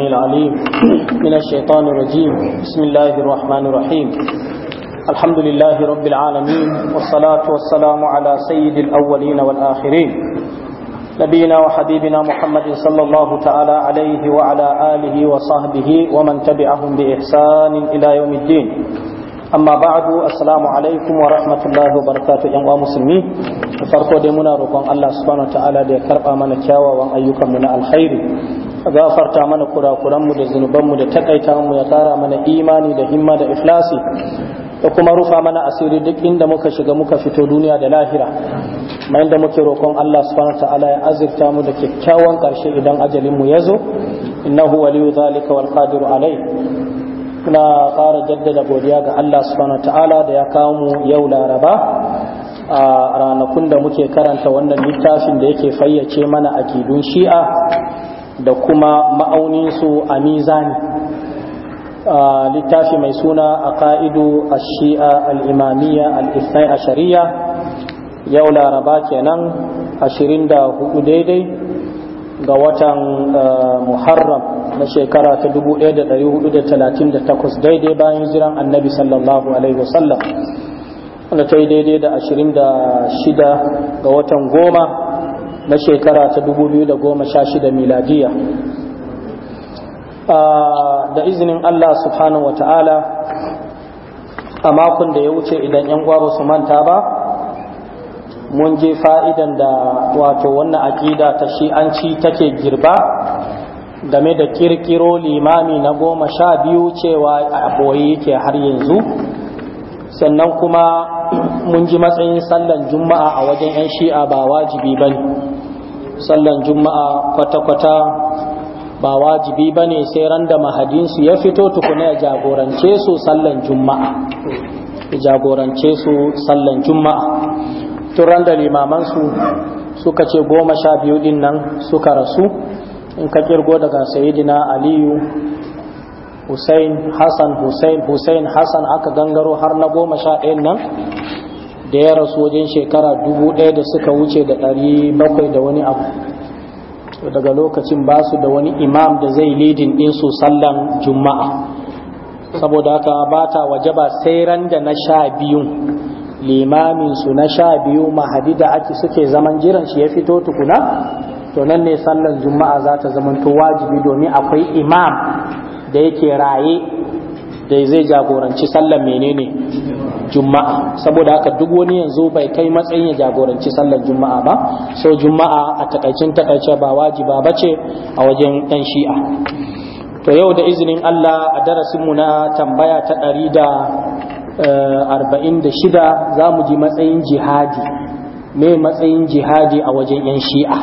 السميع العليم من الشيطان الرجيم بسم الله الرحمن الرحيم الحمد لله رب العالمين والصلاة والسلام على سيد الأولين والآخرين نبينا وحبيبنا محمد صلى الله تعالى عليه وعلى آله وصحبه ومن تبعهم بإحسان إلى يوم الدين amma ba'du assalamu alaikum wa rahmatullahi wa barakatuh yan uwa musulmi da farko dai muna roƙon Allah subhanahu wataala da ya karba mana kyawawan ayyukan mu na alkhairi gafarta mana kurakuranmu da zunubanmu da takaita mu ya kara mana imani da himma da iflasi da kuma rufa mana asiri duk inda muka shiga muka fito duniya da lahira mai inda muke roƙon Allah subhanahu ta'ala ya azurta mu da kyakkyawan ƙarshe idan ajalin mu yazo innahu waliyu zalika wal qadiru alai na fara jaddada godiya ga Allah subhanahu ta'ala da ya kawo mu yau laraba a ranakun da muke karanta wannan littafin da yake fayyace mana akidun shi'a da kuma ma'auninsu a mizani littafi mai suna a ka'idu a shi'a al'imamiyya al'isai a shari'a yau laraba kenan 24 daidai ga watan eh, muharram na shekara ta 1438 daidai bayan jiran annabi sallallahu alaihi wasallam wanda ta yi daidai da 26 ga watan goma na shekara ta 2016 miladiya ah, da izinin Allah subhanahu wa ta'ala a makon da ya wuce idan 'yan gwaro su manta ba mun je fa'idan da wato wannan aƙida ta shi'anci take girba game da kirkiro limami na goma sha biyu cewa a boye yake har yanzu sannan kuma mun ji matsayin sallan juma'a a wajen 'yan shi'a ba wajibi ba ne sallan juma'a kwata-kwata ba wajibi ba ne sai ran da mahadinsu ya fito tukuna ya jagorance su sallan juma'a ya jagorance su sallan juma'a tun ran da limamansu suka ce goma sha biyu din nan suka rasu in ka kirgo daga sayidina aliyu Hussein Hassan Hussein Hussein Hassan aka gangaro har na goma sha ɗayan nan da ya rasu wajen shekara dubu ɗaya da suka wuce da ɗari bakwai da wani abu daga lokacin ba su da wani imam da zai lidin su sallan juma'a saboda haka ba ta wajaba sai ran da na sha biyun limamin su na sha biyu mahadi da ake suke zaman jiran shi ya fito tukuna to nan ne sallan juma'a za ta zamanto wajibi domin akwai imam da yake raye da zai jagoranci sallar menene juma'a saboda haka duk wani yanzu bai kai matsayin ya jagoranci sallar juma'a ba so juma'a a takaicin takaice ba wajiba ba ce a wajen yan shi'a to yau da izinin Allah a darasin mu na tambaya ta ɗari da eh, arba'in da shida za mu ji matsayin jihadi me matsayin jihadi a wajen yan shi'a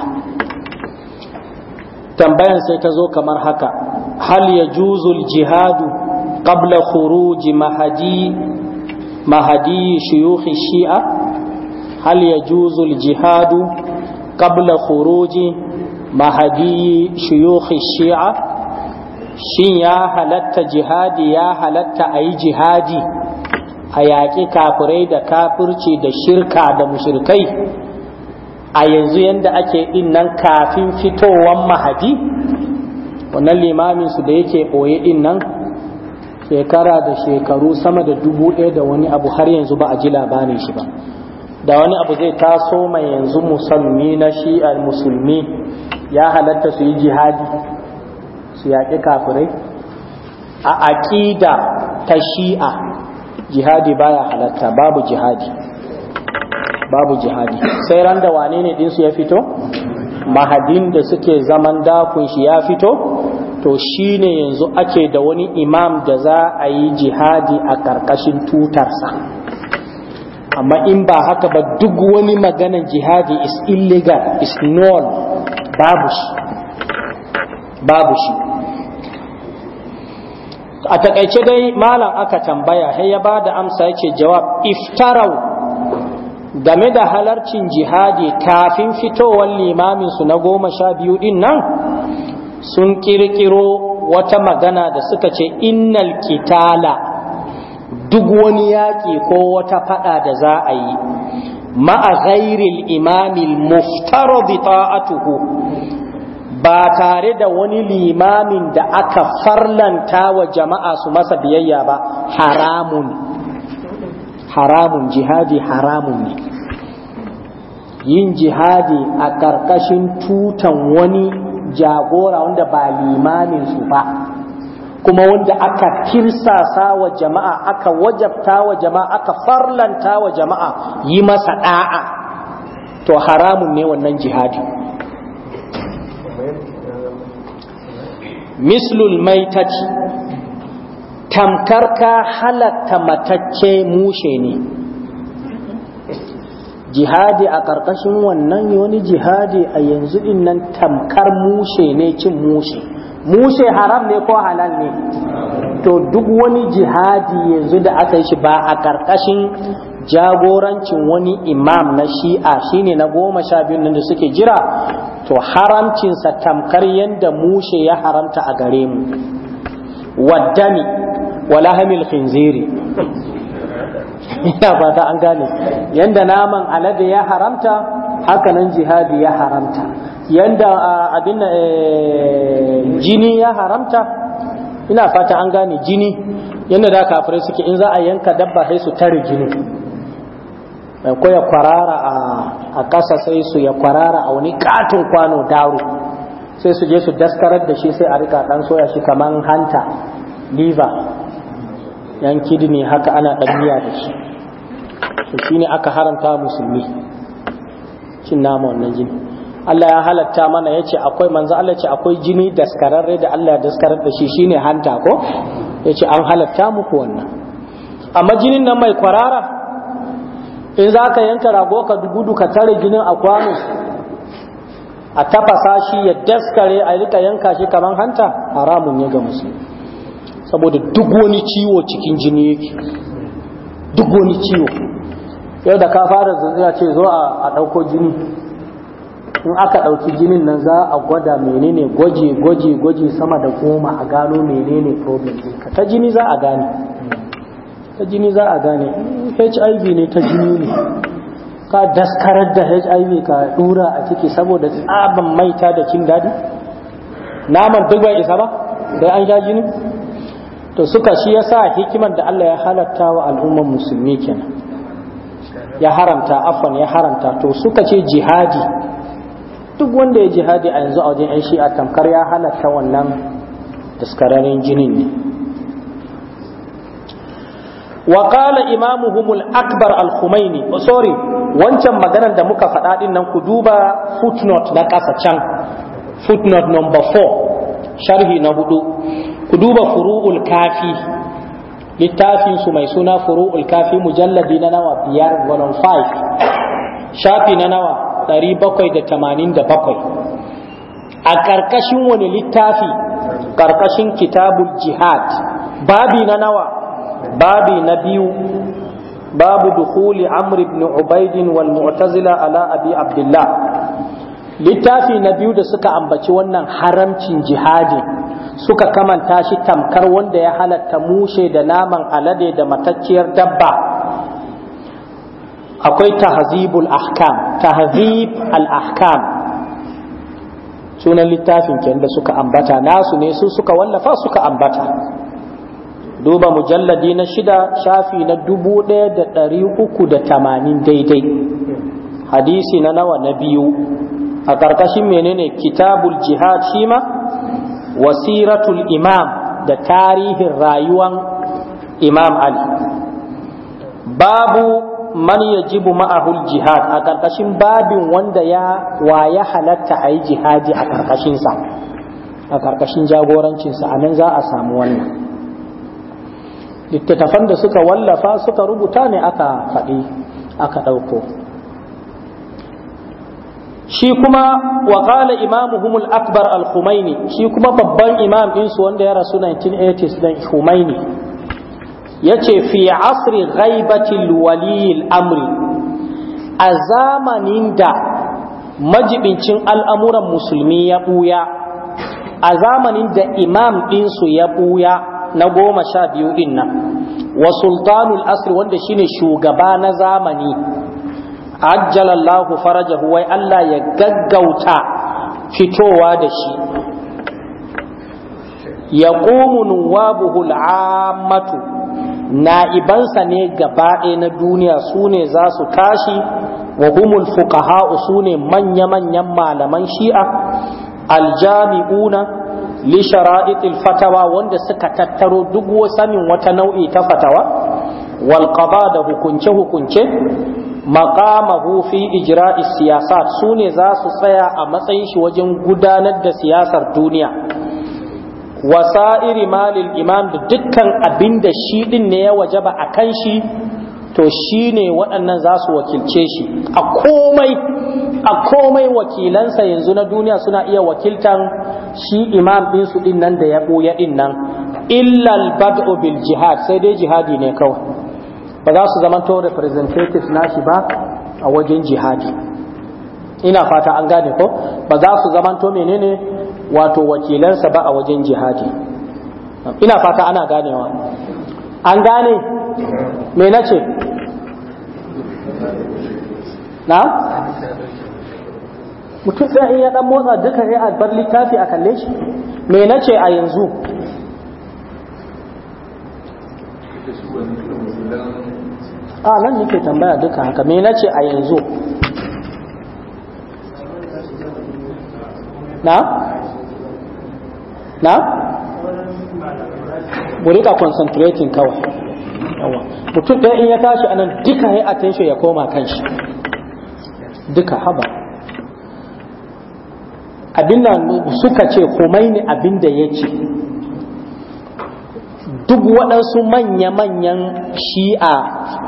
tambayan sai ta zo kamar haka hal ya juzul jihadu قبل خروج مهدي مهدي شيوخ الشيعة هل يجوز الجهاد قبل خروج مهدي شيوخ الشيعة شين يا هلت جهادي يا هلت أي جهادي أياكي كافري دا كافرشي دا شركة دا مشركي a yanzu yadda ake din nan kafin fitowar mahadi wannan limamin su da yake ɓoye din nan shekara da shekaru sama da dubu ɗaya da wani abu har yanzu ba a ji labarin shi ba da wani abu zai taso mai yanzu musulmi na shi'ar musulmi ya halatta su yi jihadi su yaƙi kafirai a aƙida ta shi'a jihadi baya halatta babu jihadi babu jihadi sai ran da wane ne ɗinsu ya fito mahadin da suke zaman dakun shi ya fito to shi ne yanzu ake da wani imam da za a yi jihadi a ƙarƙashin tutarsa amma in ba haka ba duk wani maganan jihadi is illegal is null babu shi babu shi a takaice dai malam aka tambaya sai ya ba da amsa yake jawab iftarau game da halarcin jihadi kafin fitowar limaminsu na goma sha biyu din nan sun kirkiro wata magana da suka ce innal kitala duk wani yaƙi ko wata faɗa da za a yi ma'a ghairil imamil muftaradi ta'atuhu ba tare da wani limamin da aka farlanta wa jama'a su masa biyayya ba haramun haramun jihadi haramun ne yin jihadi a ƙarƙashin tutan wani jagora wanda ba limamin su ba kuma wanda aka kirsasa wa jama'a aka wajabta wa jama'a aka farlanta wa jama'a yi masa da'a to haramun ne wannan jihadi mislul maitati tamkar ka halatta matacce mushe ne jihadi a ƙarƙashin wannan wani jihadi a yanzu din nan tamkar mushe ne cin mushe mushe haram ne ko halal ne to duk wani jihadi yanzu da aka yi shi ba a ƙarƙashin jagorancin wani imam na shi'a shine na goma sha biyu nan da suke jira to haramcinsa tamkar yadda mushe ya haramta a gare mu waddami walahamil khinziri ina ba ta an gane yanda naman alade ya haramta haka jihadi ya haramta yanda abin eh, jini ya haramta ina fata an gane jini yanda da kafirai suke in za a yanka dabba sai su tare jini ko ya kwarara a ƙasa sai su ya kwarara a wani katon kwano daru sai su je su daskarar da shi sai a rika ɗan soya shi kaman hanta liver yan kidney haka ana ɗanniya da shi to ne aka haramta musulmi cin nama wannan jini Allah ya halatta mana ya ce akwai manzo Allah ce akwai jini daskararre da Allah ya daskarar da shi shi ne hanta ko ya ce an halatta muku wannan amma jinin nan mai kwarara in za ka yanka rago ka dubudu ka tare jinin a kwano a tafasa shi ya daskare a rika yanka shi kamar hanta haramun ne ga musulmi saboda duk wani ciwo cikin jini yake duk wani ciwo yau da ka fara zazzaga ce zo a ɗauko jini in aka ɗauki jinin nan za a gwada menene gwaje gwaje gwaje sama da goma a gano menene problem ɗinka ta jini za a gane ta jini za a gane hiv ne ta jini ne ka daskarar da hiv ka dura a ciki saboda tsaban maita da kin daɗi naman duk bai isa ba dai an sha jini to suka shi sa hikimar da Allah ya halatta wa al'ummar musulmi kenan ya haramta afwan ya haramta to suka ce jihadi duk wanda ya jihadi a yanzu a wajen yan shi'a tamkar ya halatta wannan daskararren jinin ne wa qala imamuhum al-akbar al-khumaini oh, sorry wancan maganar da muka faɗa din nan ku duba footnote na ƙasa can footnote number 4 sharhi na hudu ku duba furu'ul kafi littafin su mai suna furu'ul kafi mujalladi na nawa biyar 105 shafi na nawa bakwai da da tamanin bakwai? a ƙarƙashin wani littafi ƙarƙashin kitabul jihad babi na nawa babi na biyu babu dukuli amr ibn ubaidin wal mu'tazila ala abi abdullah littafi na biyu da suka ambaci wannan haramcin jihadin suka kamanta shi tamkar wanda ya halatta mushe da naman alade da matacciyar dabba akwai tahazibul ahkam tahzib al ahkam sunan littafin ke da suka ambata nasu ne su suka wallafa suka ambata duba mujalladi na shida shafi na dubu ɗaya da ɗari uku da tamanin daidai hadisi na nawa na biyu a ƙarƙashin menene kitabul jihad shima ma wasiratul imam da tarihin rayuwan imam ali babu man jibu ma'ahul jihad a ƙarƙashin babin wanda ya waya halatta a yi jihadi a ƙarƙashinsa a ƙarƙashin jagorancinsa a nan za a samu wannan littattafan da suka wallafa suka rubuta ne aka faɗi aka ɗauko shi kuma wa qala imamuhum al-akbar al-Khumaini shi kuma babban imam din su wanda ya rasu 1980s dan Khumaini yace fi asri ghaibati al-wali al-amri a zamanin da majibincin al'amuran musulmi ya buya a zamanin da imam ɗinsu ya buya na goma sha biyu din nan wa sultanul asri wanda shine shugaba na zamani ajjalallahu farajahu wai Allah ya gaggauta fitowa da shi ya ƙomu nuwabuhu al'ammatu na'ibansa ne gaba ɗaya na duniya sune ne za su tashi wa humul fuqaha'u su ne manya-manyan malaman shi'a aljami'una li shara'itil fatawa wanda suka tattaro duk sanin wata nau'i ta fatawa wal da hukunce hukunce maqamahu fi ijra'i siyasat sune za su tsaya a matsayin shi wajen gudanar da siyasar duniya wasa'iri malil imam da dukkan abin da shi din ne ya wajaba a kan shi to shi ne waɗannan za su wakilce shi a komai a komai wakilansa yanzu na duniya suna iya wakiltan shi imam ɗinsu ɗin nan da ya ɓoya ɗin nan illal bad'u bil jihad sai dai jihadi ne kawai ba za su zamanto representatives nashi ba a wajen jihadi ina fata an gane ko ba za su zamanto menene wato wakilansa ba a wajen jihadi ina fata ana ganewa an gane me na ce na mutum sai ya dan motsa duka sai a bar littafi a kalle shi me na ce a yanzu a nan nake tambaya duka haka me na ce a yanzu na? na? mu ka concentrating kawai mutum ɗaya in ya tashi a nan duka ya attention ya koma kanshi duka haba abinda suka ce abin abinda ya ce duk waɗansu manya-manyan shi'a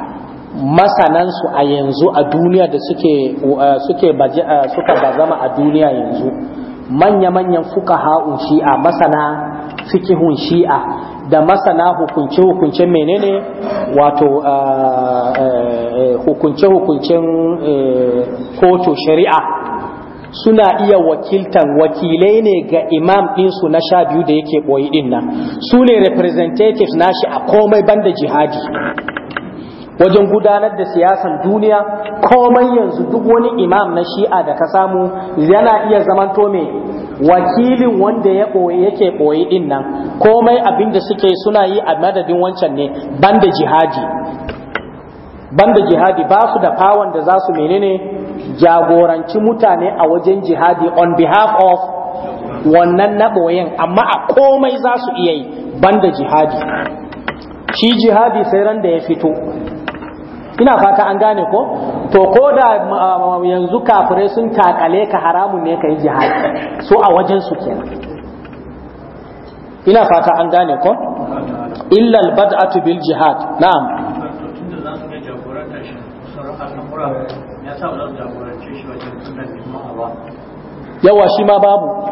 masanansu a yanzu a duniya da suke uh, suke uh, suka bazama a duniya yanzu manya-manyan fuka ha'un shi'a masana fikihun shi'a da masana hukunce-hukunce menene wato uh, hukunce-hukuncen kotu shari'a suna iya wakiltan wakilai ne ga imam ɗinsu na sha biyu da yake ɓoyi ɗin nan su ne representatives nashi a komai banda jihadi wajen gudanar da siyasan duniya komai yanzu duk wani imam na shi'a da ka samu yana iya zamanto mai wakilin wanda ya ɓoye yake ɓoye din nan komai abin da suke suna yi a madadin wancan ne banda jihadi banda jihadi ba su da fawon da za su menene jagoranci mutane a wajen jihadi on behalf of wannan na ɓoyen amma a komai za su iya yi banda jihadi shi jihadi sai ran da ya fito ina fata an gane ko to ko da yanzu kafirai sun takale ka haramun ne ka yi jihar, so a wajen su kenan ina fata an gane ko illa albad'atu bil jihad na'am yawa shi ma babu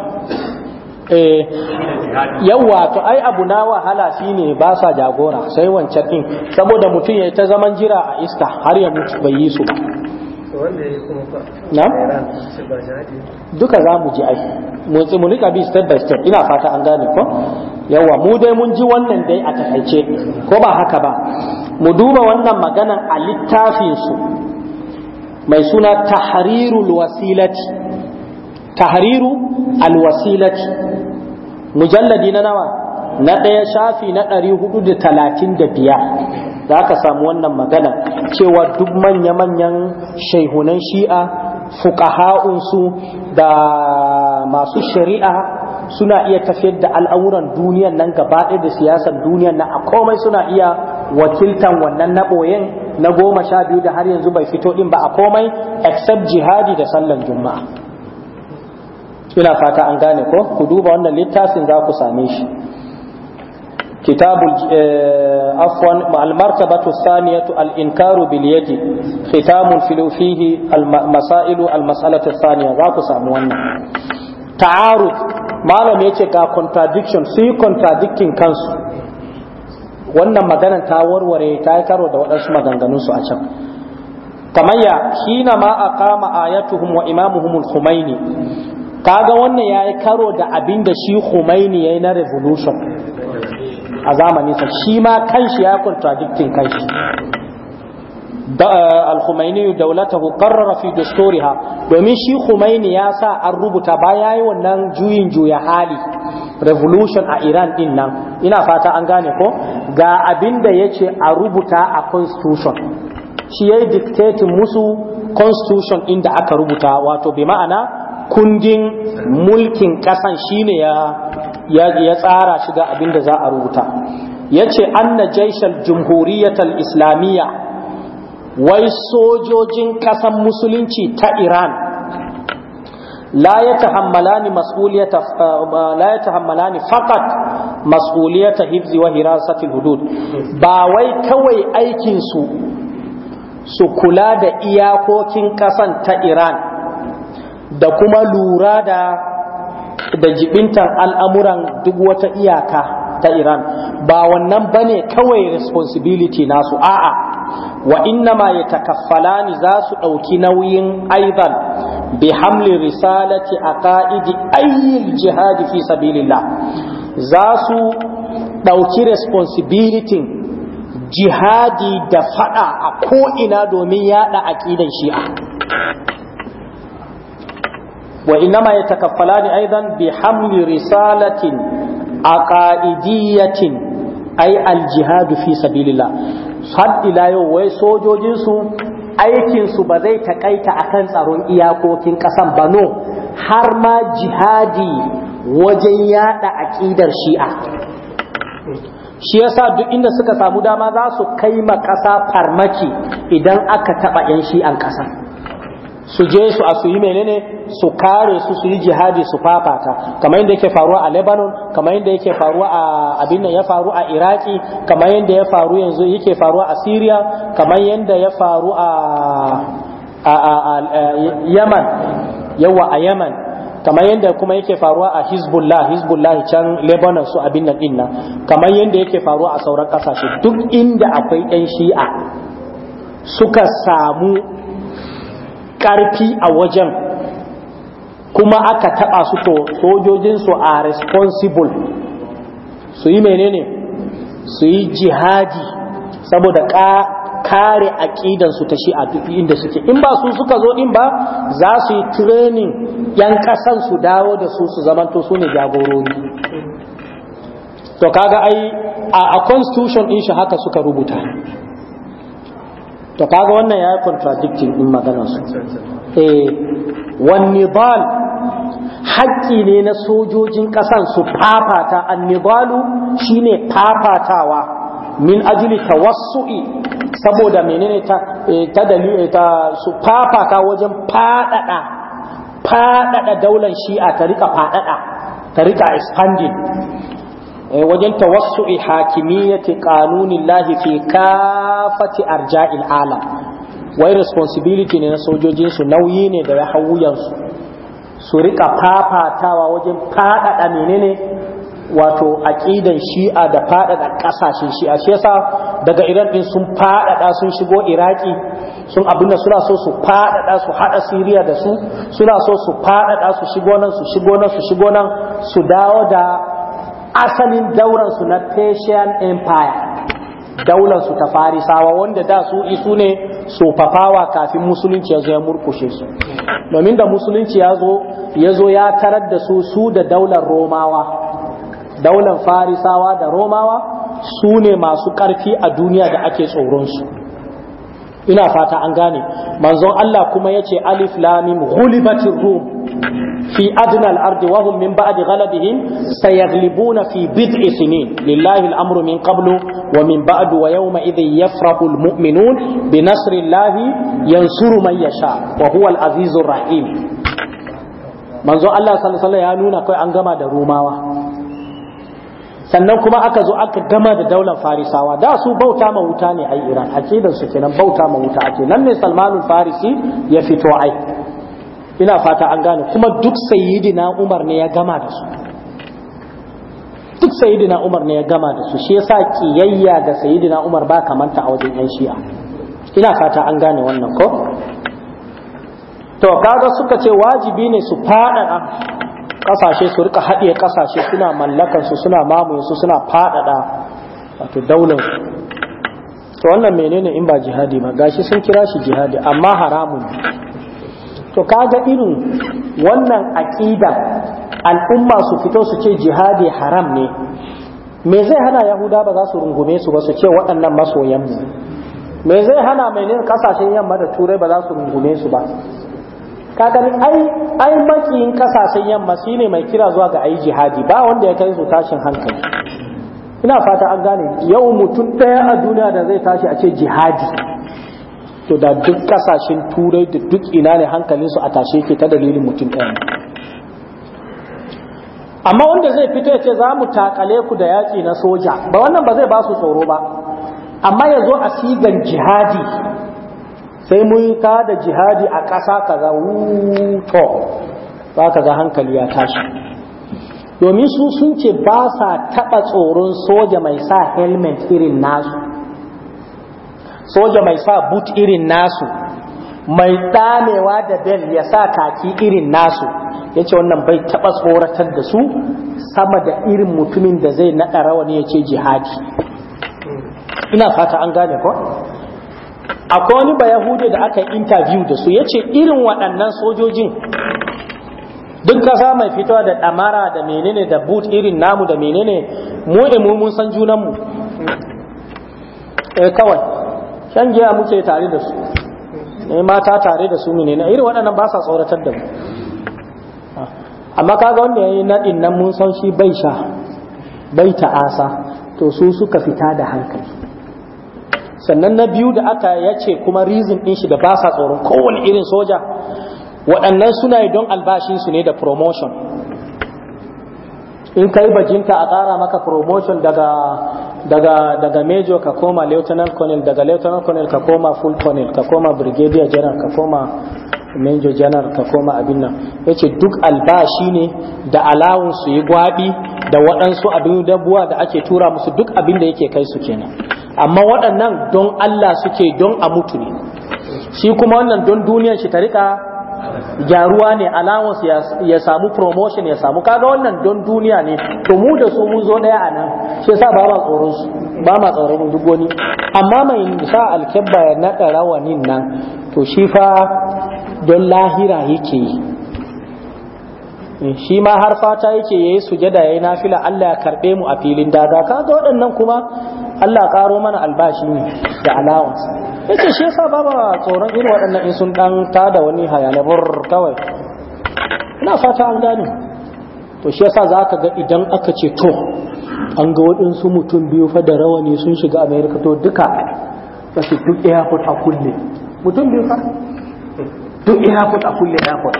Eh, Yawwa to ai abu na wahala shine ba sa jagora sai wancan din saboda mutum ya ta zaman jira a iska har ya mutu bai yi su ba duka za mu ji ai mu nika bi step by step ina fata an gane ko Yawwa mu dai mun ji wannan dai a takaice ko ba haka ba mu duba wannan maganan a littafin su mai suna tahrirul wasilati tahriru alwasilati mujalladi na nawa na ɗaya shafi na ɗari hudu da talatin da biyar za ka samu wannan magana cewa duk manya-manyan shaihunan shi'a fukaha'unsu da masu shari'a suna iya tafiyar da al'auran duniyan nan gaba ɗaya da siyasar duniyan nan a komai suna iya wakiltan wannan na ɓoyen na goma sha biyu da har yanzu bai fito ɗin ba a komai except jihadi da sallan juma'a ina fata an gane ko ku duba wannan littafin za ku same shi كتاب عفوا المرتبة الثانية al-masa'ilu al فيه المسائل za ku samu wannan. تعارض malam yace ga contradiction سي contradicting kansu wannan maganan ta warware ta yi karo da waɗansu maganganunsu a can kamar ya na ma a kama ayatuhum wa imamuhum khumaini kaga wannan ya yi karo da abin da shi Khomeini ya yi na revolution a zamanin sa shi ma kanshi ya contradicting kanshi eh, al-Khomeini ko qarrara fi dusturiha domin shi Khomeini ya sa an rubuta ba ya yi wannan juyin juya hali revolution a Iran din nan ina fata an gane ko ga abin da yace a rubuta a constitution shi yayi dictating musu constitution inda aka rubuta wato bi ma'ana kundin mulkin ƙasan shine ya ya tsara shi ga abin da za a rubuta yace anna jaishal jumhuriyatal islamiyya wai sojojin ƙasan musulunci ta iran لا يتحملان مسؤولية لا يتحملان فقط مسؤولية حفظ وحراسة Ba wai كوي أيكين سو su kula da iyakokin ƙasan ta Iran da kuma lura da da jibintan al'amuran duk wata iyaka ta Iran ba wannan bane kawai responsibility nasu a'a wa innama yatakaffalani za su ɗauki nauyin aidan bi hamli risalati aqaidi ayyil jihadi fi sabilillah za su ɗauki responsibility jihadi da fada a ko'ina domin yada aƙidan shi'a وإنما يتكفلان أيضا بحمل رسالة عقائدية أي الجهاد في سبيل الله صد لا يوي سوجو جنسو aikinsu ba zai takaita akan tsaron iyakokin ƙasan ba no har ma jihadi wajen yada aƙidar shi'a shi yasa duk inda suka samu dama za su kai ma ƙasa farmaki idan aka taɓa 'yan shi'an ƙasa su je su a su yi menene su kare su su yi jihadi su fafata kamar yadda yake faruwa a Lebanon kamar yadda yake faruwa a abin ya faru a Iraki kamar yadda ya faru yanzu yake faruwa a Syria kamar yadda ya faru a Yaman yawa a Yaman kamar yadda kuma yake faruwa a Hezbollah Hezbollah can Lebanon su abin nan dinna, kamar yadda yake faruwa a sauran kasashe duk inda akwai ɗan shi'a suka samu ƙarfi a wajen kuma aka taɓa su to sojojinsu a responsible su yi menene su yi jihadi saboda kare aƙidansu ta shi a duk inda suke in ba su suka zo in ba za su yi training yan ƙasan su dawo da su su zamanto su ne jagorori to kaga ai a constitution din shi haka suka rubuta to kaga wannan ya yi contradicting din maganarsu eh bal haƙƙi ne na sojojin ƙasan su fafata annibalu shine fafatawa min ajli tawassu'i saboda menene ta eh, ta dalili eh, ta su fafata wajen fadada fadada daular shi'a ta rika fadada ta rika expanding Eh, wajen tawassu'i hakimiyyati qanunillahi fi kafati arja'il alam wai responsibility ne na sojojin su nauyi ne da ya hau su su rika fafatawa wajen fadada menene wato aqidan shi'a da fadada kasashen shi'a shi yasa daga Iran din sun fadada sun shigo Iraki sun abinda suna so su fadada su hada siriya da su suna so su fadada su shigo nan su shigo nan su shigo nan su dawo da asalin dauransu na persian empire daularsu ta farisawa wanda da su isu ne sofafawa kafin musulunci ya zo ya murkushe su domin da musulunci ya zo ya zo ya tarar da su su da daular romawa daular farisawa da romawa su ne masu ƙarfi a duniya da ake tsoronsu ina fata an gane manzon Allah kuma yace ce alif lamim ghulibatir rum fi adna al-ardi wa min ba'di ghalabihim sayaghlibuna fi bid'i sinin lillahi al-amru min qablu wa min ba'du wa yawma idhin yafrahu al-mu'minun bi nasrillahi yansuru man yasha wa huwa al rahim manzo Allah sallallahu alaihi ya nuna kai an gama da rumawa sannan kuma aka zo aka gama da daular farisawa da su bauta ma wuta ne ai iran akidan su kenan bauta ma wuta ake nan ne salmanul farisi ya fito ai ina fata an gane kuma duk sayyidina umar ne ya gama da su duk sayyidina umar ne ya gama da su shi yasa kiyayya da sayyidina umar ba kamanta a wajen yan shi'a ina fata an gane wannan ko to kaga suka ce wajibi ne su fada kasashe su rika haɗiye kasashe suna mallakan su suna mamaye su suna faɗaɗa wato daular to wannan menene in ba jihadi ba gashi sun kira shi jihadi amma haramun to kaga irin wannan aƙidan al'umma su fito su ce jihadi haram ne me zai hana yahuda ba za su rungume su ba su ce waɗannan masoyan mu me zai hana mai ne kasashen yamma da turai ba za su rungume su ba kaga ni ai ai makiyin kasashen yamma shine mai kira zuwa ga ai jihadi ba wanda ya kai su tashin hankali ina fata an gane yau mutum ɗaya a duniya da zai tashi a ce jihadi to da duk kasashen turai da duk ina ne hankalinsu a tashe ke ta dalilin mutum ɗaya amma wanda zai fito ya ce za mu takale ku da yaƙi na soja ba wannan ba zai ba su tsoro ba amma ya zo a sigan jihadi sai mun ka da jihadi a ƙasa ka kaza wuto ba ka ga hankali ya tashi domin su sun ce ba sa taɓa tsoron soja mai sa helmet irin nasu soja mai sa but irin nasu mai tsamewa da bel ya sa kaki irin nasu ya ce wannan bai taɓa tsoratar da su sama da irin mutumin da zai naɗa rawani ya ce jihadi ina fata an gane ko akwai wani ba bayahude da aka interview da su ya ce irin waɗannan sojojin duk kasa mai fitowa da ɗamara da menene da but irin namu da menene mu mu mun san junanmu eh, kawai shan giya muke tare da su ne eh, mata tare da su ne na irin waɗannan ba sa tsoratar da mu amma kaga wanda ya yi naɗin nan mun san shi bai sha bai ta'asa to su suka fita da hankali sannan na biyu da aka ya ce kuma reason ɗin shi da ba sa tsoron kowane irin soja waɗannan suna yi don albashinsu ne da promotion in kai bajinta a ƙara maka promotion daga daga daga major ka koma lieutenant colonel daga lieutenant colonel ka koma full colonel ka koma brigadier general ka koma major general ka koma abin nan yace duk albashi ne da alawun su yi gwabi da waɗansu abin dabuwa da ake tura musu duk abin da yake kai su kenan amma waɗannan don Allah suke don a mutu ne shi kuma wannan don duniyar shi ta rika gyaruwa ne allowance ya samu promotion ya samu kaga wannan don duniya ne to mu da su mun zo daya a nan shi yasa ba ma tsoron su ba ma tsoron duk wani amma mai sa alkebba ya naɗa rawanin nan to shi fa don lahira yake yi eh, shi ma har fata yake yayi sujada yayi nafila Allah ya karbe mu a filin daga kaga waɗannan kuma Allah karo mana albashi ne da allowance yace shi yasa ba ba tsoron irin waɗannan in sun dan tada wani hayanabur kawai ina fata an gane to shi yasa za ka ga idan aka ce to an ga waɗansu mutum biyu fa da rawani sun shiga amerika to duka ba su duk airport a kulle mutum biyu fa eh, duk airport a kulle airport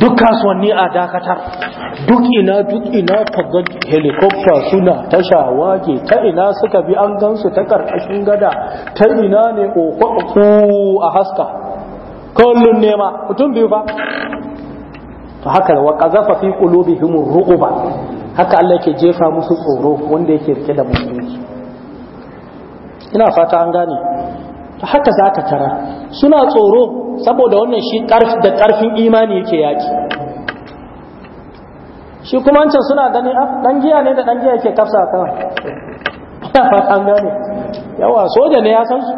duk kasuwanni a dakatar duk ina duk ina kaga helikopter suna tasha shawage ta ina suka bi an gansu ta karkashin gada ta ina ne ƙoƙo a haska kullum nema mutum biyu ba to haka wa qazafa fi qulubihim ruquba haka Allah yake jefa musu tsoro wanda yake rike da musulunci ina fata an gane haka za ka tara suna tsoro saboda wannan shi da ƙarfin imani yake yaki shi kuma wancan suna gani ah, ɗan giya ne da ɗan giya yake kafsa kawai ina fatan gane yawa soja ne ya san su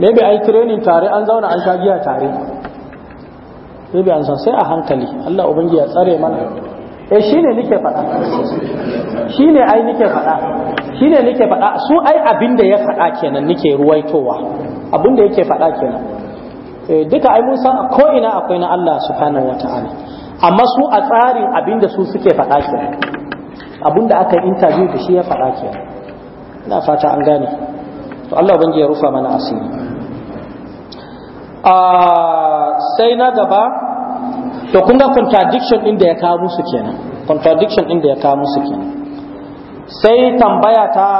bai ai training tare an zauna an sha giya tare bai an san sai a hankali Allah Ubangiya tsare mana eh shine nike faɗa shine ai nike faɗa shine nike faɗa su ai abinda ya faɗa kenan nike ruwaitowa da yake faɗa kenan eh, duka ai mun san ko ina akwai na Allah subhanahu wata'ala amma su a tsarin abinda su suke faɗa kenan da aka interview da shi ya faɗa kenan ina fata an gane to Allah ubangiji ya rufa mana asiri a ah, sai na gaba to kun ga contradiction din da ya kawo musu kenan contradiction din da ya kawo musu kenan sai tambaya ta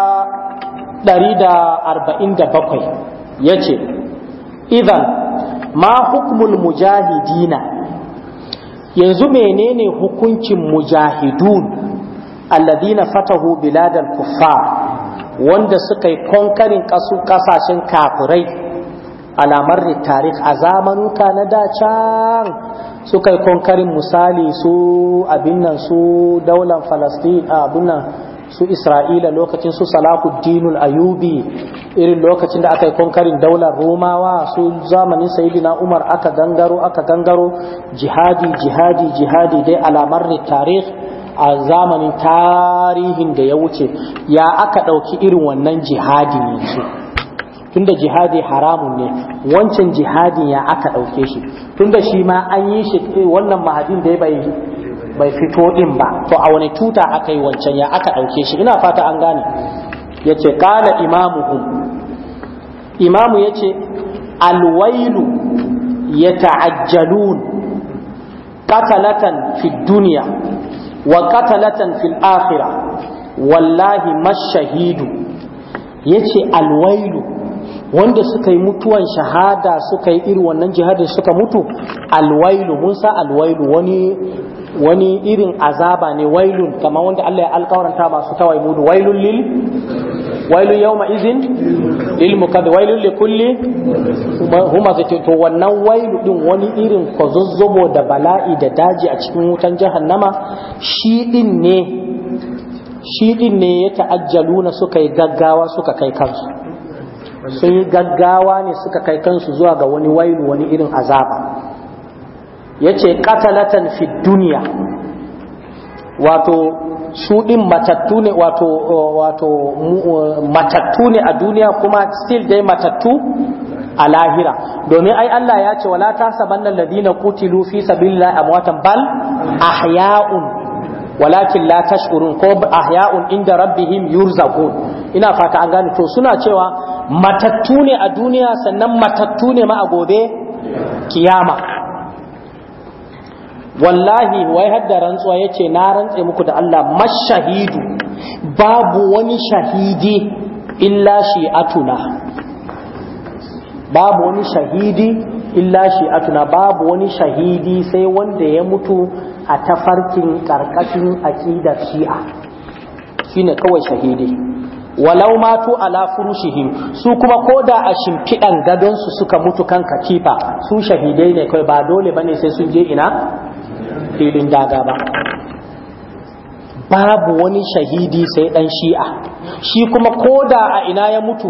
147 yace idan ma hukmul mujahidina yanzu menene hukuncin mujahidun alladina fatahu biladal kuffar wanda suka yi konkarin kasashen kafirai alamar tarih a zamanuka na da can suka yi konkarin misali su abin nan su daular falastin abin nan su isra'ila lokacin su a ayubi irin lokacin da aka yi konkarin daular romawa su zamanin sayidina umar aka gangaro aka gangaro jihadi jihadi jihadi dai alamar tarih a zamanin tarihin da ya wuce ya aka ɗauki irin wannan jihadi ne su tunda jihadi haramun ne wancan jihadin ya aka ɗauke shi tunda shi ma an yi shi eh, wannan mahadin da ya bai bai fito din ba to a wani tuta aka yi wancan ya aka ɗauke shi ina fata an gane ya ce ƙala imamuhum imamu ya ce alwailu ya ta'ajjalun katalatan fi duniya wa katalatan fil akhirah wallahi mashahidu ya ce alwailu wanda suka yi mutuwan shahada suka yi irin wannan jihadin suka mutu alwailu mun sa alwailu wani wani irin azaba ne wailun kamar wanda Allah ya ba masu kawai mudu wailun lil wailun yawma izin lil mukaddi wailun li kulli huma zai to wannan wailu din wani irin kozozzobo da bala'i da daji a cikin wutan jahannama shi din ne shi din ne ya ta'ajjaluna suka yi gaggawa suka kai kansu sun yi gaggawa ne suka kai kansu zuwa ga wani wailu wani irin azaba ya ce katalatan fi duniya wato su ɗin matattu ne wato matattu ne a duniya kuma still dai matattu a lahira domin ai Allah ya ce wala ta saban nan ladina kutilu fi sabilillahi amwatan bal ahya'un walakin la tashkurun ko ahya'un inda rabbihim yurzaqun ina fata an gane to suna cewa matattu ne a duniya sannan matattu ne ma a gobe kiyama wallahi wai hadda rantsuwa yace na rantse muku da Allah mashahidu babu wani shahidi illa shi atuna babu wani shahidi illa shi shi'atuna babu wani shahidi sai wanda ya mutu a tafarkin ƙarƙashin aƙidar shi'a shine kawai shahidi walau matu ala furushihim su kuma koda a shimfiɗan gadonsu suka mutu kan katifa su shahidai ne kai ba dole bane sai sun je ina filin daga ba babu wani shahidi sai dan shi'a shi kuma koda a ina ya mutu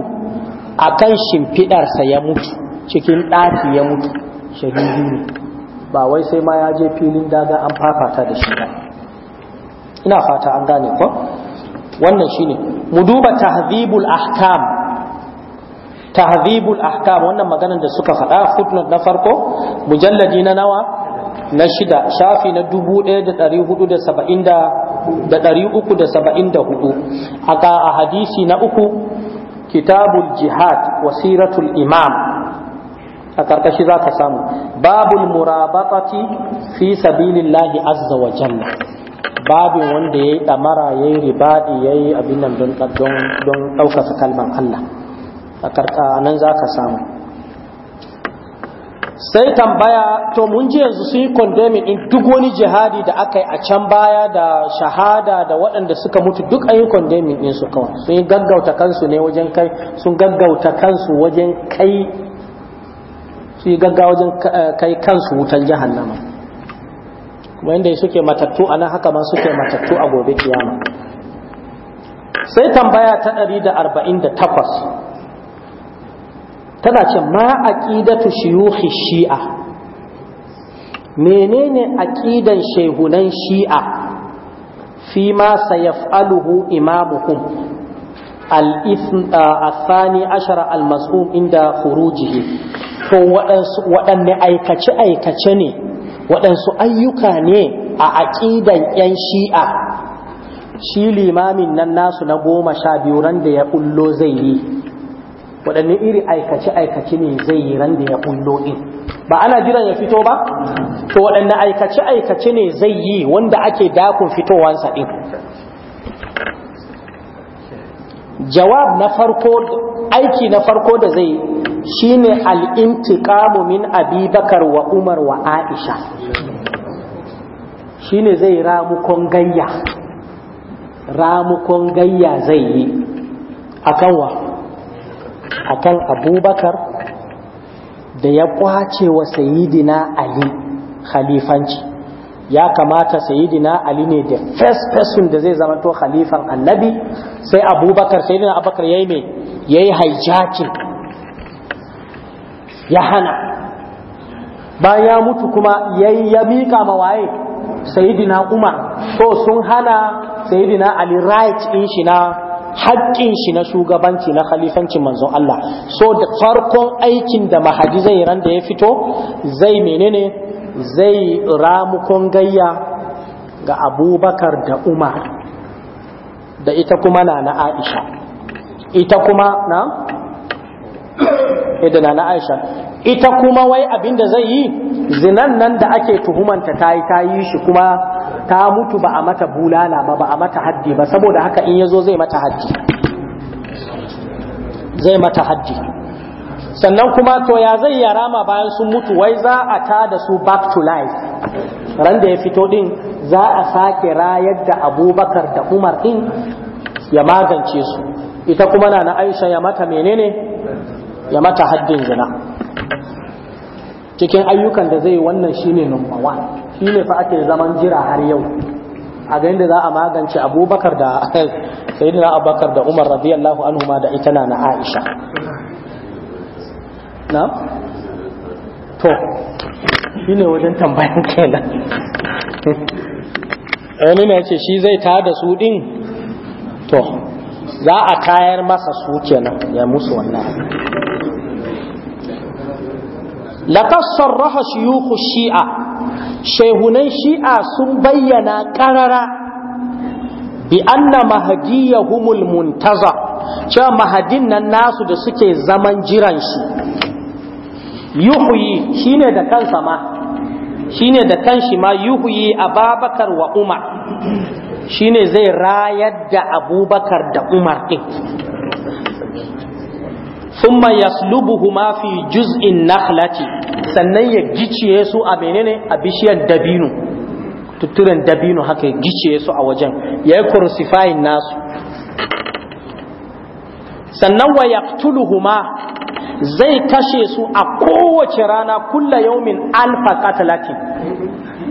akan shimfiɗarsa ya mutu cikin ɗaki ya mutu shahidi ne ba wai sai ma ya je filin daga an fafata da shi ba ina fata an gane ko wannan shine mu duba tahdhibul ahkam tahdhibul ahkam wannan maganar da suka faɗa footnote na farko mujalladi na nawa na shida shafi na dubu 1470 da hudu da da da da saba'in saba'in uku 374 a hadisi na uku kitabul jihad wasiratul imam a karkashi za ka samu babul murabaqati fi sabilillahi azza wa jalla babin wanda yayi damara yayi ribadi yayi abin nan don don don kalmar Allah a karka nan za ka samu sai tambaya to mun ji yanzu sun yi condemning in duk wani jihadi da aka yi a can baya da shahada da waɗanda suka mutu duk an yi condemning su kawai sun yi gaggauta kansu ne wajen kai sun gaggauta kansu wajen kai su yi gaggawa wajen eh, kai kansu wutan jahannama kuma inda suke matattu a nan haka ma suke matattu a gobe kiyama sai tambaya ta 148 tana ce ma ƙidatu shuyukhi shi'a menene aqidan shehunan shi'a fi ma sayaf'aluhu imamuhum al-ithni ah, ashara al-mas'um inda khurujihi to waɗanne aikace-aikace ne waɗansu ayyuka ne a aƙidan ƴan shi'a shi limamin nan nasu na goma sha biyu ran da ya ƙullo zai yi waɗanne iri aikace-aikace ne zai yi ran da ya ƙullo ɗin ba ana jiran ya fito ba to waɗanne aikace-aikace ne zai yi wanda ake dakun fitowansa ɗin jawab na farko aiki na farko da zai shine al-intiqamu min Abi Bakar wa Umar wa Aisha shine zai ramukon gayya ramukon gayya zai yi akan wa akan Abubakar da ya kwace wa Sayyidina Ali khalifanci ya kamata Sayyidina Ali ne the first person da zai zama to khalifan Annabi sai Abubakar Sayyidina Abubakar yayi me yayi hijacin ya hana bayan ya mutu kuma ya mika ma waye sayidina umar to sun hana sayidina ali right din shi na haƙƙin shi na shugabanci na khalifancin manzon Allah so da farkon aikin da mahadi zai ran da ya fito zai menene zai ramukon gayya ga abubakar da umar da ita kuma na na aisha ita kuma na na aisha ita kuma wai abin da zai yi zinan nan da ake tuhumanta ta yi ta yi shi kuma ta mutu ba a mata bulala ba ba a mata haddi ba saboda haka in yazo zai mata haddi zai mata haddi sannan kuma to ya zai ya rama bayan sun mutu wai za a ta da su back to life ran da ya fito din za a sake rayar da abubakar da umar din ya magance su ita kuma na na aisha ya mata menene ya mata haddin zina cikin ayyukan da zai wannan shine number one shine fa ake zaman jira har yau a ga da za a magance abubakar da sayyidina abubakar da umar radiyallahu anhu ma da ita na na aisha na to shine wajen tambayan kenan wani ne ce shi zai ta da su din to za a tayar masa su kenan ya musu wannan laqad sarraha shuyukh shi'a shehunan shi'a sun bayyana karara bi anna humul muntaza cewa mahadin nan nasu da suke zaman jiran shi yuhuyi shine da kansa ma shine da kanshi ma yuhyi ababakar wa umar shine zai rayar da abubakar da umar ɗin. thumma ma fi juz'in nakhlati sannan ya giciye su a menene a bishiyar dabino tutturen dabino haka ya giciye su a wajen ya yi crucifying nasu sannan wa ma zai kashe su a kowace rana kulla yaumin alfa katalatin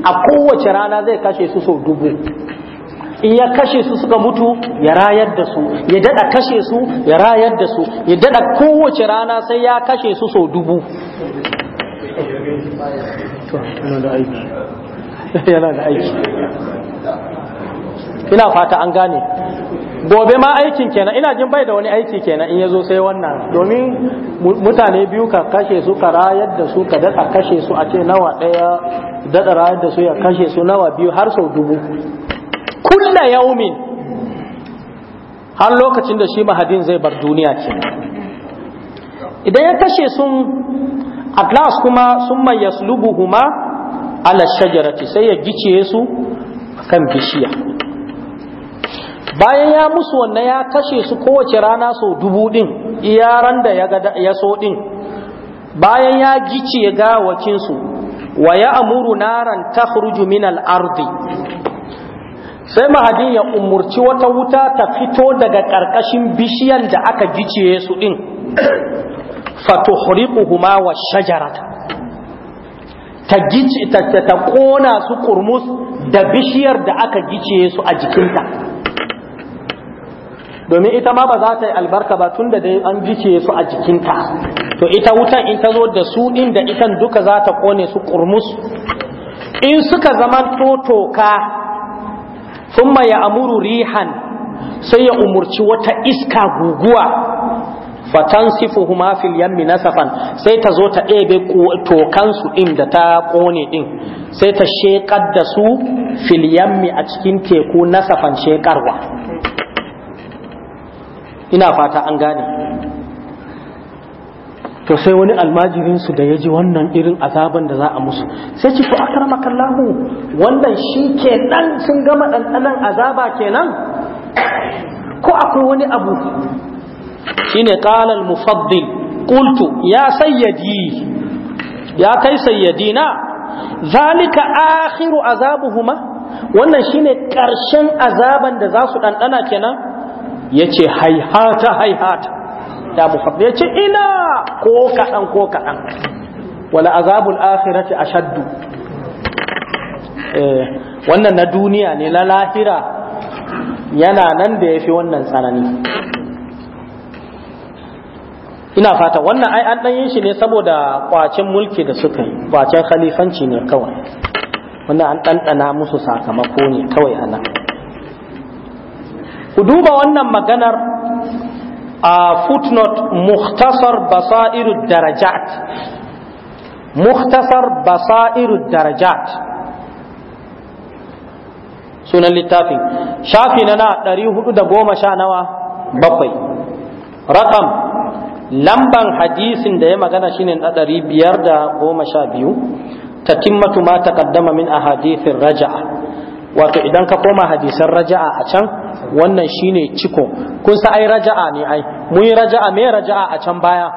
a kowace rana zai kashe su sau dubu in ya kashe su suka mutu ya rayar da su ya dada kashe su ya rayar da su ya dada kowace rana sai ya kashe su sau dubu yana da aiki ina fata an gane gobe ma aikin kenan ina jin bai da wani aiki kenan in ya zo sai wannan domin mutane biyu ka kashe su ka rayar da su ka dada kashe su a ce nawa daya dada rayar da su ya kashe su nawa biyu har sau dubu kulla yaumin har lokacin da shi mahadin zai bar duniya ce idan ya kashe sun atlas kuma sun mai yaslubuhuma ala shajarati sai ya gice su kan bishiya bayan ya musu wannan ya kashe su kowace rana sau dubu din iyaran da ya so din bayan ya gice gawakinsu wa ya amuru naran ta min sai mahadin ya umurci wata wuta ta fito daga ƙarƙashin bishiyar da aka giciye su ɗin Fatuhri wa shajarata ta gici ta ta su kurmus da bishiyar da aka giciye su a jikinta domin ita ma ba za ta yi albarka ba tun da dai an giciye su a jikinta to ita wutan in ta zo da su ɗin da itan duka za ta kone su kurmus in suka zaman totoka thumma ya amuru rihan sai ya umurci wata iska guguwa fatansifuhuma fil yammi nasafan sai ta zo ta ɗebe tokan su din da ta kone din sai ta shekar da su fil yammi a cikin teku nasafan shekarwa ina fata an gane to sai wani almajirinsu su da ya ji wannan irin azaban da za a musu sai ci fa akramakallahu wannan shi kenan sun gama ɗanɗanan azaba kenan ko akwai wani abu shi ne al-mufaddil qultu ya sayyadi ya kai sayyidina zalika akhiru azabuhuma wannan shine ƙarshen azaban da za su dandana kenan yace haihata haihata illa ya yace ina ko kadan ko kadan wala azabul akhirati ashaddu eh wannan na duniya ne na lahira yana nan da yafi wannan tsanani ina fata wannan ai an yin shi ne saboda kwacin mulki da suka yi kwacin khalifanci ne kawai wannan an ɗanɗana musu sakamako ne kawai a nan ku duba wannan maganar a footnote muhtasar basairu darajat muhtasar basairu darajat sunan littafin shafi na goma sha nawa bakwai rakam lamban hadisin da ya magana shine na 512 tatimmatu ma taqaddama min a hadisin, raja'a wato idan ka koma hadisan raja'a a can wannan shine ciko kun sa ai raja'a ne ai mun yi raja'a me raja'a a can baya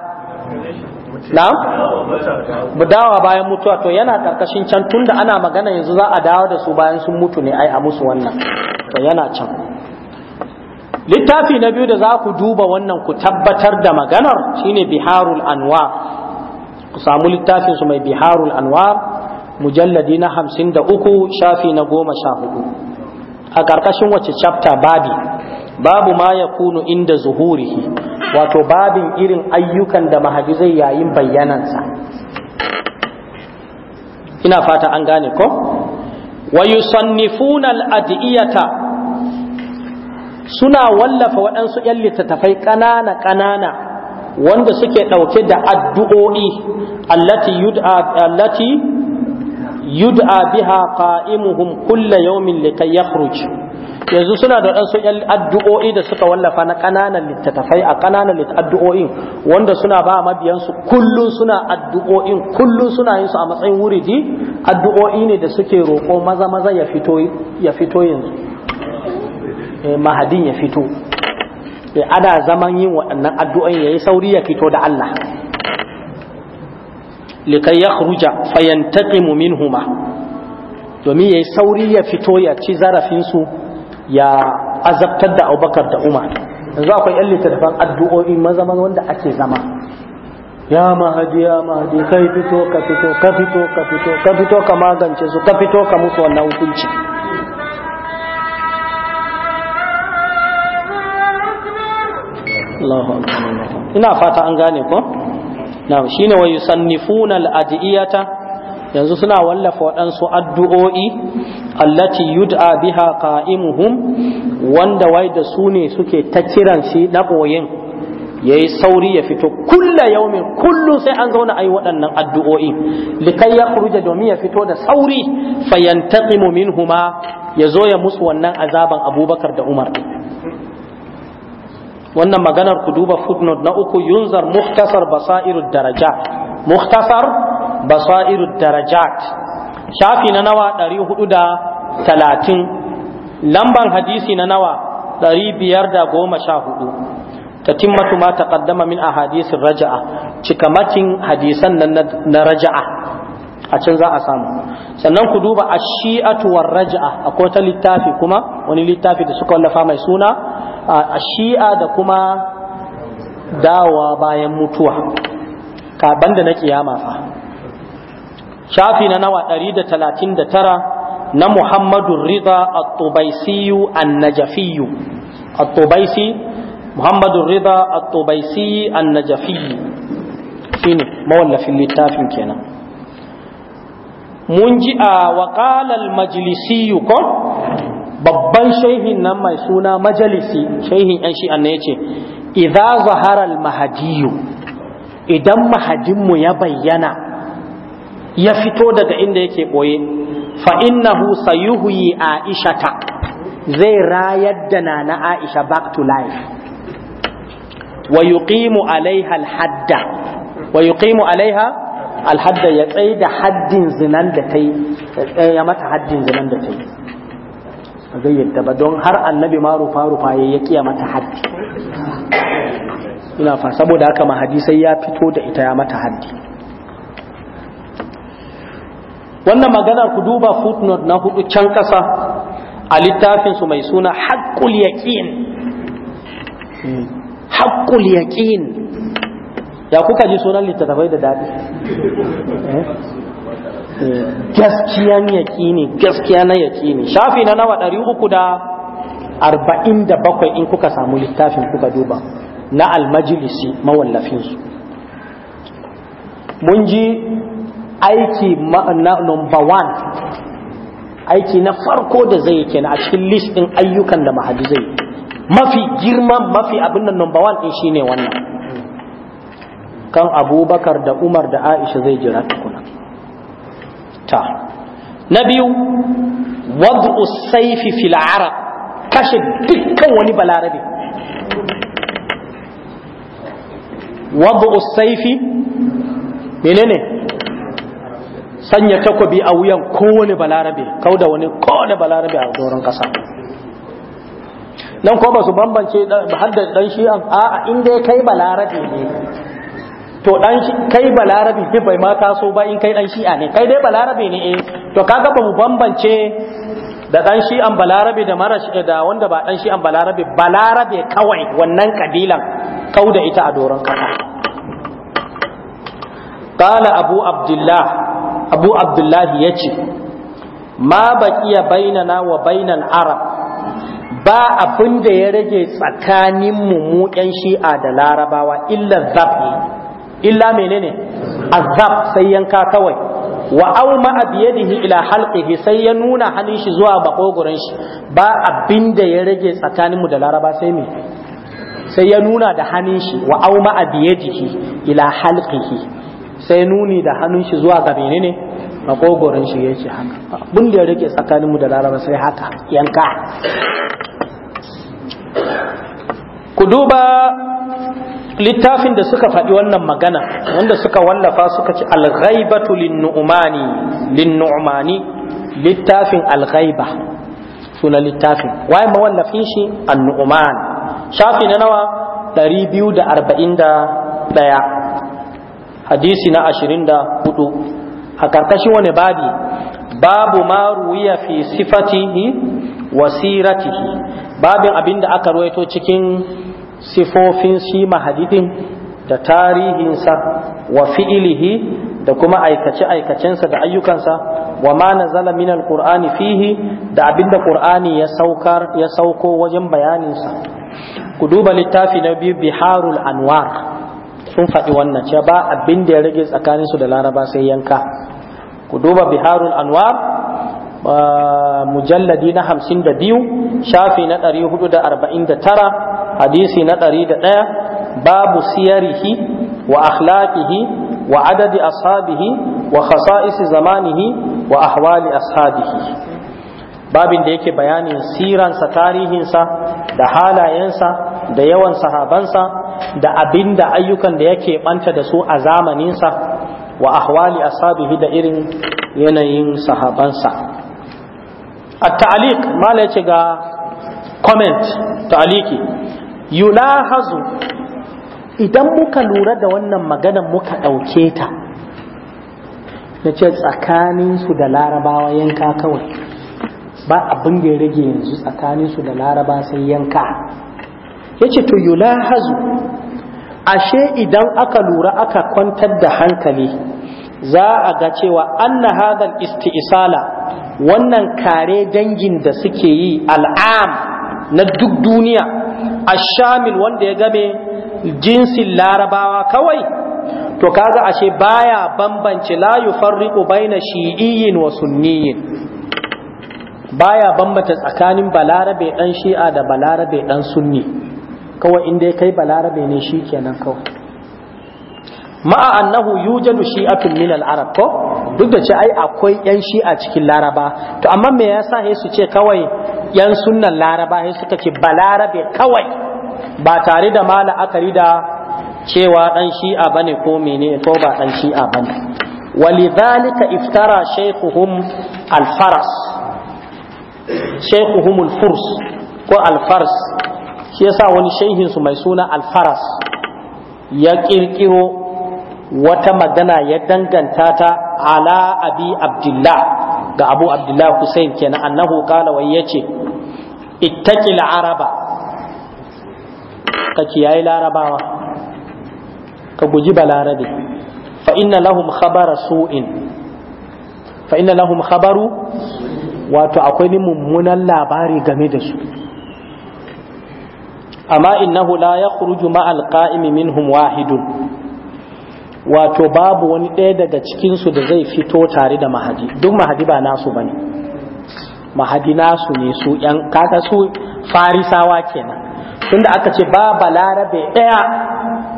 na'am dawa bayan mutuwa to yana karkashin can tunda ana magana yanzu za a dawo da su bayan sun mutu ne ai a musu wannan to yana can littafi na biyu da za ku duba wannan ku tabbatar da maganar shine biharul anwar ku samu littafin su mai biharul anwar mujalladi na hamsin da uku shafi na goma sha hudu a ƙarƙashin wace chapter babi babu ma ya kunu inda zuhurihi wato babin irin ayyukan da zai yayin bayyanansa ina fata an gane ko wa yusannifuna suna wallafa waɗansu ‘yan littattafai ƙanana-ƙanana wanda suke ɗauke da addu'o'i allati yud'a biha qa'imuhum kulla yawmin liqay yakhruj yanzu suna da dan ‘yan addu'o'i da suka wallafa na ƙananan littattafai a kananan addu'o'in wanda suna ba mabiyansu kullun suna addu'o'in kullun suna yin su a matsayin wuridi addu'o'i ne da suke roƙo maza maza ya fito yanzu eh, mahadin ya fito eh, Ada zaman yin waɗannan addu'o'in yayi sauri ya fito da Allah likai ya khuruja fayantaqimu minhuma domin yayi sauri ya fito ya ci zarafinsu ya azabtar da Abubakar da Umar yanzu akwai yan littattafan addu'o'i maza wanda ake zama ya mahadi ya mahadi kai fito ka fito ka fito ka fito ka fito ka magance su ka fito ka musu wannan hukunci ina fata an gane ko na'am shine wa yusannifuna al-adiyata yanzu suna wallafa waɗansu addu'o'i allati yud'a biha qa'imuhum wanda wai da su ne suke ta kiran shi na boyen yayi sauri ya fito kulla yaumin kullu sai an zauna ayi waɗannan addu'o'i likai ya kuruja domin ya fito da sauri fayantaqimu minhuma ya zo ya musu wannan azaban abubakar da umar wannan maganar ku duba footnote na uku yunzar muhtasar basairu darajat muhtasar basairu darajat shafi na nawa 430 lamban hadisi na nawa 514 tatimmatu ma taqaddama min ahadisin raja'a cikamakin hadisan nan na raja'a a can za a samu sannan ku duba ashi'atu war raja'a akwai ta littafi kuma wani littafi da suka wallafa mai suna a shi'a da kuma dawa bayan mutuwa kaban da na kiyama fa shafi na nawa 139 na Muhammadu Rida At-Tubaisiyu An-Najafiyu At-Tubaisi Muhammadu Rida at An-Najafiyu shine mawallafin littafin kenan mun ji a waqala majlisiyu ko babban shehin nan mai suna majalisi shehin yan shi'an ne yace idza zahara al idan mahadinmu ya bayyana ya fito daga inda yake boye fa innahu sayuhyi aishata zai rayar da nana aisha back to life wa yuqimu alaiha al hadda wa yuqimu alaiha alhadda ya haddin zinan da ya mata haddin zinan da ta yi zai yadda ba don har annabi ma rufa rufa ya kiya mata haddi ina fa saboda haka ma hadisai ya fito da ita ya mata haddi wannan maganar ku duba footnote na hudu can kasa a littafin mai suna haƙƙul yaƙin haƙƙul yaƙin ya kuka ji sunan littattafai da daɗi eh? gaskiyan yaƙini gaskiya na yaƙini shafi na nawa ɗari uku da arba'in da bakwai in kuka samu littafin kuka duba na almajilisi mawallafinsu mun ji aiki na number one aiki na farko da zai yake na a cikin list ɗin ayyukan da mahadi zai mafi girman mafi abin da number one ɗin shine wannan kan abubakar da umar da aisha zai jira tukuna ta na biyu wad'u saifi fil'ara kashe dukkan wani balarabe wad'u saifi menene sanya takobi a wuyan kowane balarabe kauda wani kowane balarabe a doron kasa nan ko ba su bambance har da dan shi'an a inda ya kai balarabe ne to dan kai balarabi ne bai ma taso ba in kai dan shi'a ne kai dai balarabi ne eh to kaga ba mu bambance da dan an balarabi da mara da wanda ba dan an balarabe balarabi kawai wannan kabilan kauda ita a doron kasa qala abu abdullah abu abdullah yace ma baqiya bainana wa bainal arab ba abin da ya rage tsakanin mu mu shi'a da larabawa illa zafi illa menene azab sai yanka kawai wa auma biyadihi ila halqihi sai ya nuna hannun shi zuwa bakogoran shi ba abinda ya rage tsakaninmu da laraba sai me sai ya nuna da hannun shi wa auma biyadihi ila halqihi sai nuni da hannun shi zuwa ga menene bakogoran shi yace haka abinda ya rage tsakaninmu da laraba sai haka yanka ku duba littafin da suka faɗi wannan magana wanda suka wallafa suka ci alghaibatu linnu'mani linnu'mani littafin alghaiba suna littafin waye mawallafin shi annu'man shafi na nawa 241 hadisi na 24 a karkashin wani babi babu ma ruwiya fi sifatihi wa babin abinda aka ruwaito cikin sifofin shi mahadifin da tarihinsa wa fi'ilihi da kuma aikace-aikacensa da ayyukansa wa ma nazala min alqur'ani fihi da abinda ƙur'ani ya sauko wajen bayaninsa ku duba littafi na biyu biharul anwar sun faɗi wannan ce, ba abin da ya rage tsakaninsu da laraba sai yanka ku duba biharul anwar uh, mujalladi na hamsin da biyu shafi na ɗari hudu da arba'in da tara hadisi na ɗari da ɗaya babu siyarihi wa akhlaqihi wa adadi ashabihi wa khasa'isi zamanihi wa ahwali ashabihi babin da yake bayanin siransa tarihinsa da halayensa da yawan sahabansa da abinda ayyukan da yake banta da su a zamaninsa wa ahwali ashabihi da irin yanayin sahabansa A ta'aliq mala ga comment ta'aliki. yulahazu idan muka lura da wannan maganan muka ɗauke ta na ce tsakaninsu da larabawa yanka kawai ba abin da ya rage yanzu tsakaninsu da laraba sai yanka ya ce to yulahazu ashe idan aka lura aka kwantar da hankali za a ga cewa an na hadar isti'isala wannan kare dangin da suke yi al'am na duk duniya ashamil wanda ya game jinsin larabawa kawai to kaga ashe baya bambance la yufarriqu baina shi'iyyin wa sunniyin baya bambata tsakanin balarabe dan shi'a da balarabe dan sunni kawai inda kai balarabe ne shikenan kawai ma'a annahu yujadu shi'atun min al-arab ko duk da ce ai akwai yan shi'a cikin laraba to amma me yasa sai su ce kawai yan sunnan laraba sai suka ce balarabe kawai ba tare da mala akari da cewa dan shi'a bane ko mene ko ba dan shi'a bane walidhalika iftara shaykhuhum al-faras shaykhuhum al-furs ko al-fars shi yasa wani shehin su mai suna al-faras ya kirkiro wata magana ya danganta ta ala abi abdullah ga abu abdullah hussein kenan annahu qala wai yace ittaqil araba ka kiyaye larabawa ka guji balarabe fa inna lahum khabara su'in fa inna lahum khabaru wato akwai ni mummunan labari game da su amma innahu la yakhruju ma alqa'imi minhum wahidun wato babu wani ɗaya daga cikinsu da zai fito tare da mahadi duk mahadi ba nasu ba ne, mahadi nasu ne su yan kaka su farisawa kenan tunda aka ce ba balarabe ɗaya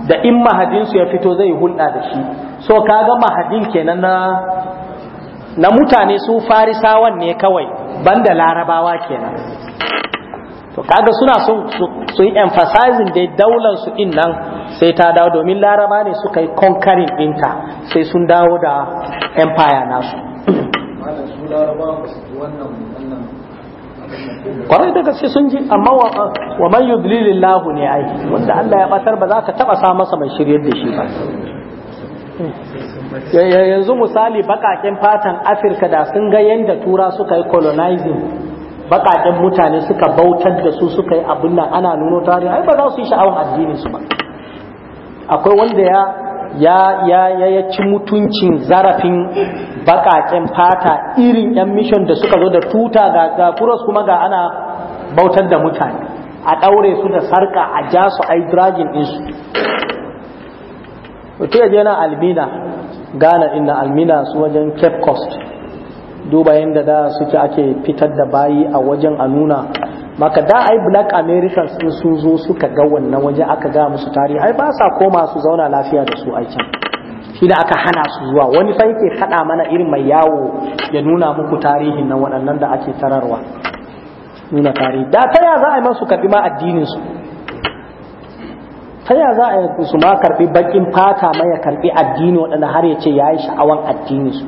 da in mahadinsu ya fito zai hulɗa da shi so kaga mahadin kenan na na mutane su farisawan ne kawai banda larabawa kenan to kaga suna sun su yi emphasizing da daular su din nan sai ta dawo domin laraba ne suka yi conquering dinta sai sun dawo da empire nasu kwarai da gaske sun ji amma wa man yudlilin lahu ne ai wanda Allah ya batar ba za ka taba sa masa mai shiryar da shi ba yanzu misali bakaken fatan afirka da sun ga yadda tura suka yi colonizing baƙaƙen mutane suka bautar da su suka yi abin nan ana nuno ne, ai ba za su yi sha'awar addinin su ba akwai wanda ya ya ya ya ci mutuncin zarafin baƙaƙen fata irin yan mission da suka zo da tuta ga ga kuma ga ana bautar da mutane a ɗaure su da sarka a ja su ai dragin su to ya je na almina gana inda almina su wajen cape coast duba yadda da suke ake fitar da bayi a wajen a nuna maka da ai black americans din sun zo suka ga wannan waje aka ga musu tarihi ai ba sa koma su zauna lafiya da su aikin shi da aka hana su zuwa wani fa yake hada mana irin mai yawo ya nuna muku tarihin nan waɗannan da ake tararwa nuna tarihi da ta ya za a yi masu karɓi ma addinin su ta ya za a yi su ma karɓi bakin fata ma ya karɓi addini waɗanda har ya ce ya yi sha'awan addinin su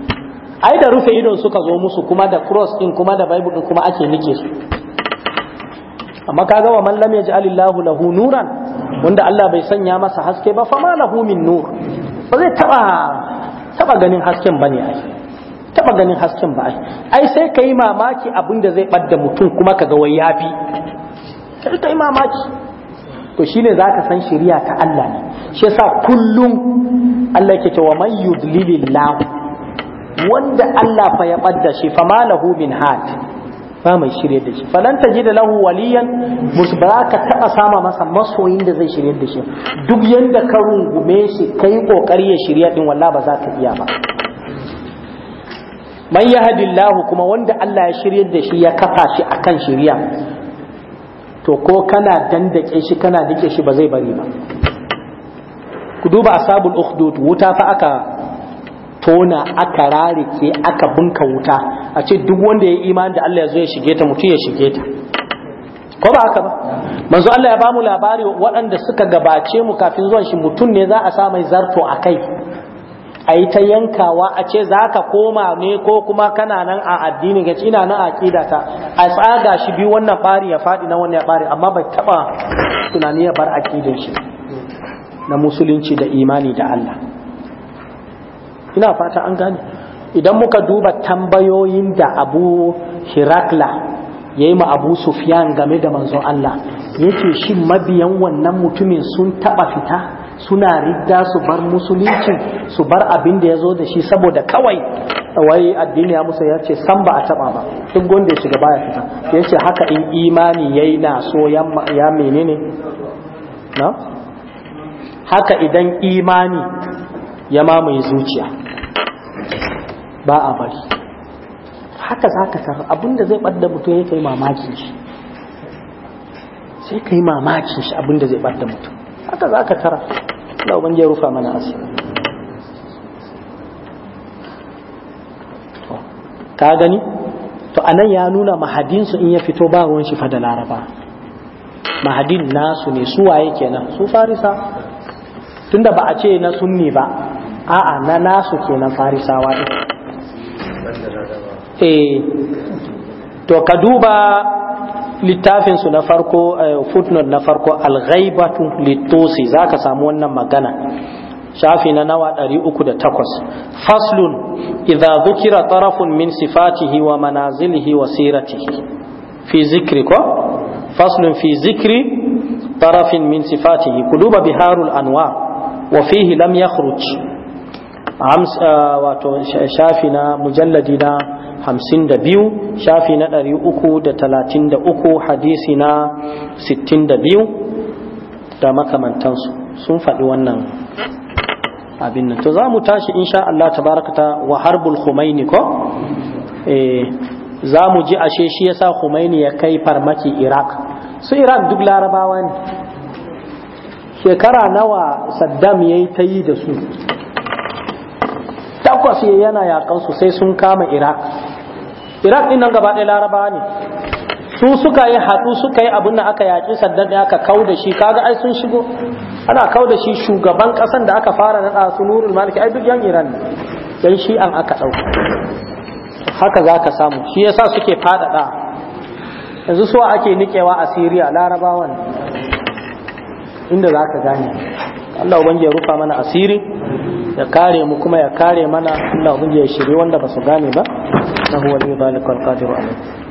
ai da rufe idon suka zo musu kuma da cross din kuma da bible din kuma ake nike su amma kaga wa man lam yaj'alillahu lahu nuran wanda Allah bai sanya masa haske ba fa ma min nur ba zai taba taba ganin hasken bane ai taba ganin hasken ba ai ai sai kai mamaki da zai badda mutum kuma kaga wai yafi kai kai mamaki to shine zaka san shari'a ta Allah ne shi yasa kullum Allah yake cewa man yudlilillahu wanda Allah fa ya ɓadda shi fa ma lahu min hat ba mai shirye da shi falan ta ji da lahu waliyan musbara ka taɓa sama masa masoyin da zai shirye da shi duk yanda ka rungume shi kai kokari ya shirya din wallah ba za ka iya ba man yahdillahu kuma wanda Allah ya shirye da shi ya kafa shi akan shirya to ko kana dandake shi kana dake shi ba zai bari ba ku duba asabul ukhdud wuta fa aka tona aka rarike aka bunka wuta a ce duk wanda ya imani da Allah ya zo ya shige ta mutu ya shige ta ko ba haka ba manzo Allah ya bamu labari waɗanda suka gabace mu kafin zuwan shi mutum ne za a sa mai zarto a kai a yi ta yankawa a ce za ka koma ne ko kuma kana nan a addini ga ina nan a ta a tsaga shi biyu wannan bari ya faɗi na wannan ya bari amma bai taɓa tunani ya bar aƙidin shi na musulunci da imani da Allah ina fata an gane idan muka duba tambayoyin da abu hirakla ya yi ma abu sufiyan game da manzon Allah yake shi mabiyan wannan mutumin sun taba fita suna ridda su bar musulunci su bar abin da ya zo da shi saboda kawai wai addini ya musa ya ce san ba a taba ba duk gonda ya shiga baya fita ya ce haka in imani ya yi na ya menene haka idan imani ya mamaye zuciya ba a bari haka za ka tara abinda zai ɓadda mutum ya kai mamakin shi sai kai mamakin shi abinda zai ɓadda mutum haka za ka tara Allah ubangi ya rufa mana asiri ka gani to a nan ya nuna mahadinsu in ya fito ba ruwan shi fa da laraba mahadin nasu ne su waye kenan su farisa tunda ba a ce na sunni ba a'a na nasu kenan farisawa ɗin eh to ka duba littafin su na farko eh, footnote na farko al-ghaibatu litusi zaka samu wannan magana shafi na nawa 308 faslun idza dhukira tarafun min sifatihi wa manazilihi wa siratihi fi zikri ko faslun fi zikri tarafin min sifatihi ku biharul anwar wa fihi lam yakhruj Ah, wato shafi na mujalladi na hamsin da biyu shafi na ɗari uku da talatin da uku hadisi na sittin da biyu da makamantansu sun faɗi wannan abin nan to za mu tashi insha Allah ta wa harbul khumaini ko eh, za mu ji ashe shi yasa khumaini ya kai farmaki Iraq su Iraq duk larabawa ne shekara nawa Saddam yayi ta yi da su takwas yana yakan su sai sun kama iraq iraq din nan gaba ɗaya laraba ne su suka yi haɗu suka yi abin da aka yaƙi sannan da aka kau da shi kaga ai sun shigo ana kau da shi shugaban ƙasan da aka fara naɗa su nurul maliki ai duk yan iran ne yan shi an aka ɗauka haka za ka samu shi yasa suke faɗaɗa yanzu suwa ake niƙewa a siriya larabawan inda za ka gane Allah ubangiji ya rufa mana asiri ya kare mu kuma ya kare mana Allah ya shirye wanda ba su gane ba na huwa ne zalikal qadiru alaihi